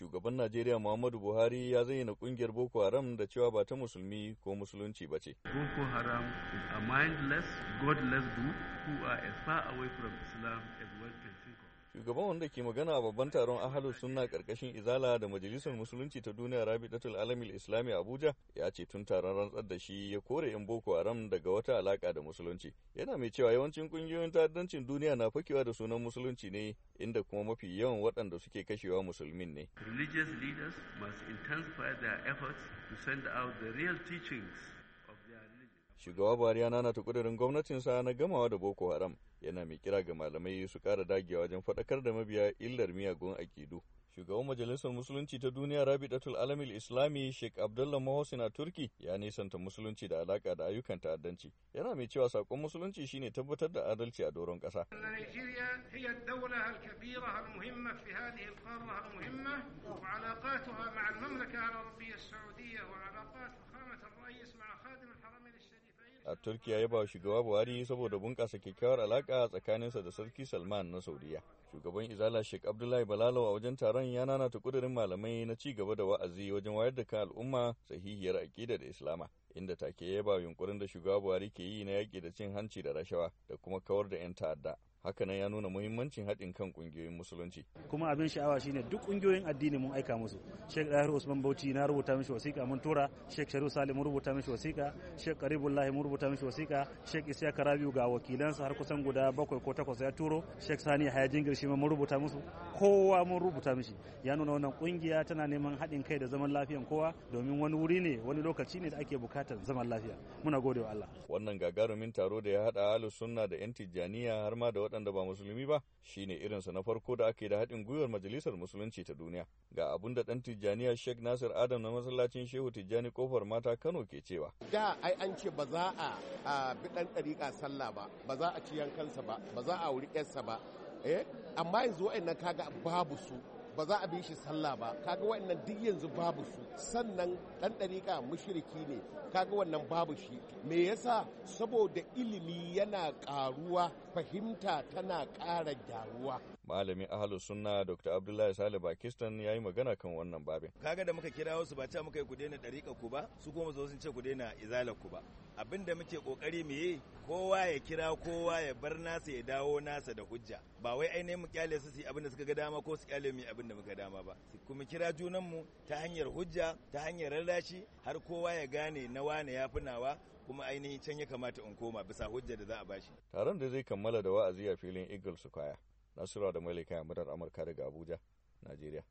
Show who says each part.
Speaker 1: shugaban Najeriya Muhammadu Buhari ya zayyana kungiyar Boko Haram da cewa ba ta musulmi ko musulunci ba ce. Boko Haram is a mindless, godless group who are as far away from Islam as well shugaban wanda ke magana a babban taron ahalus sunna karkashin izala da majalisar musulunci ta duniya rabi'atul alamil islami abuja ya ce tun taron rantsar da shi ya kore yan boko haram daga wata alaka da musulunci yana mai cewa yawancin kungiyoyin ta'addancin duniya na fakewa da sunan musulunci ne inda kuma mafi yawan waɗanda suke kashewa musulmin ne
Speaker 2: religious leaders must intensify their efforts to send out the real teachings
Speaker 1: shugaba buhari ya gwamnatinsa na gamawa da boko haram yana mai kira ga malamai su kara dagewa wajen faɗakar da mabiya illar miyagun akidu. Shugaban Majalisar Musulunci ta Duniya Rabi'atul Alamil Islami Sheikh Abdullah Mahosin a Turki ya nisanta Musulunci da alaka da ayyukan ta'addanci. Yana mai cewa sakon Musulunci shine tabbatar da adalci a doron kasa الرئيس a turkiya ya ba shugaba buhari saboda bunƙasa kyakkyawar alaƙa tsakaninsa da sarki salman na saudiya shugaban izala sheik abdullahi balalo a wajen taron ya ta kudirin malamai na ci gaba da wa'azi wajen wayar da kan al'umma sahihiyar aƙida da islama inda take ya ba yunkurin da shugaba buhari ke yi na yaƙi da cin hanci da rashawa da kuma kawar da 'yan ta'adda hakanan ya nuna muhimmancin haɗin kan ƙungiyoyin musulunci
Speaker 2: kuma abin sha'awa shine duk ƙungiyoyin addini mun aika musu Sheikh Dahir Usman Bauchi na rubuta mishi wasiƙa mun tura Sheikh Sharu Salim mun rubuta mishi wasiƙa Sheikh Karibullah mun rubuta mishi wasiƙa Sheikh Isiya Karabiu ga wakilansa har kusan guda bakwai ko takwas ya turo Sheikh Sani Haya Jingir shi mun rubuta musu kowa mun rubuta mishi ya nuna wannan ƙungiya tana neman haɗin kai da zaman lafiyan kowa domin wani wuri ne wani lokaci ne da ake bukatar zaman lafiya muna gode wa Allah
Speaker 1: wannan gagarumin taro da ya haɗa ahlus sunna da yan tijjaniya har ma da waɗanda ba musulmi ba shine irinsa na farko da ake da haɗin gwiwar majalisar musulunci ta duniya ga abun da ɗan tijjaniya sheikh nasir adam na masallacin shehu tijjani kofar mata kano ke cewa
Speaker 3: da ai an ce ba za a bi ɗan ɗariƙa sallah ba ba za a ci yankansa ba ba za a wuri ba eh amma yanzu na kaga babu su ba za a bi shi sallah ba kaga wannan duk yanzu babu su sannan dan dariƙa mushriki ne kaga wannan babu shi me yasa saboda ilimi yana ƙaruwa fahimta tana ƙara gyaruwa
Speaker 1: malami ahlu sunna dr abdullahi sale bakistan ya yi magana kan wannan babin
Speaker 4: kaga da muka kira wasu ba ta muka yi ku daina dariƙa ku ba su kuma zo sun ce ku daina izalar ku ba abin da muke kokari mu yi kowa ya kira kowa ya bar nasa ya dawo nasa da hujja ba wai ainihin mu kyale su su abin da suka ga dama ko su kyale mu abin da muka dama ba kuma kira junanmu ta hanyar hujja ta hanyar rarrashi har kowa ya gane na wane ya fi nawa kuma ainihin can ya kamata in koma bisa hujja da za a bashi
Speaker 1: taron da zai kammala da wa'azi a filin eagle su kwaya nasura da malika madar amurka daga abuja najeriya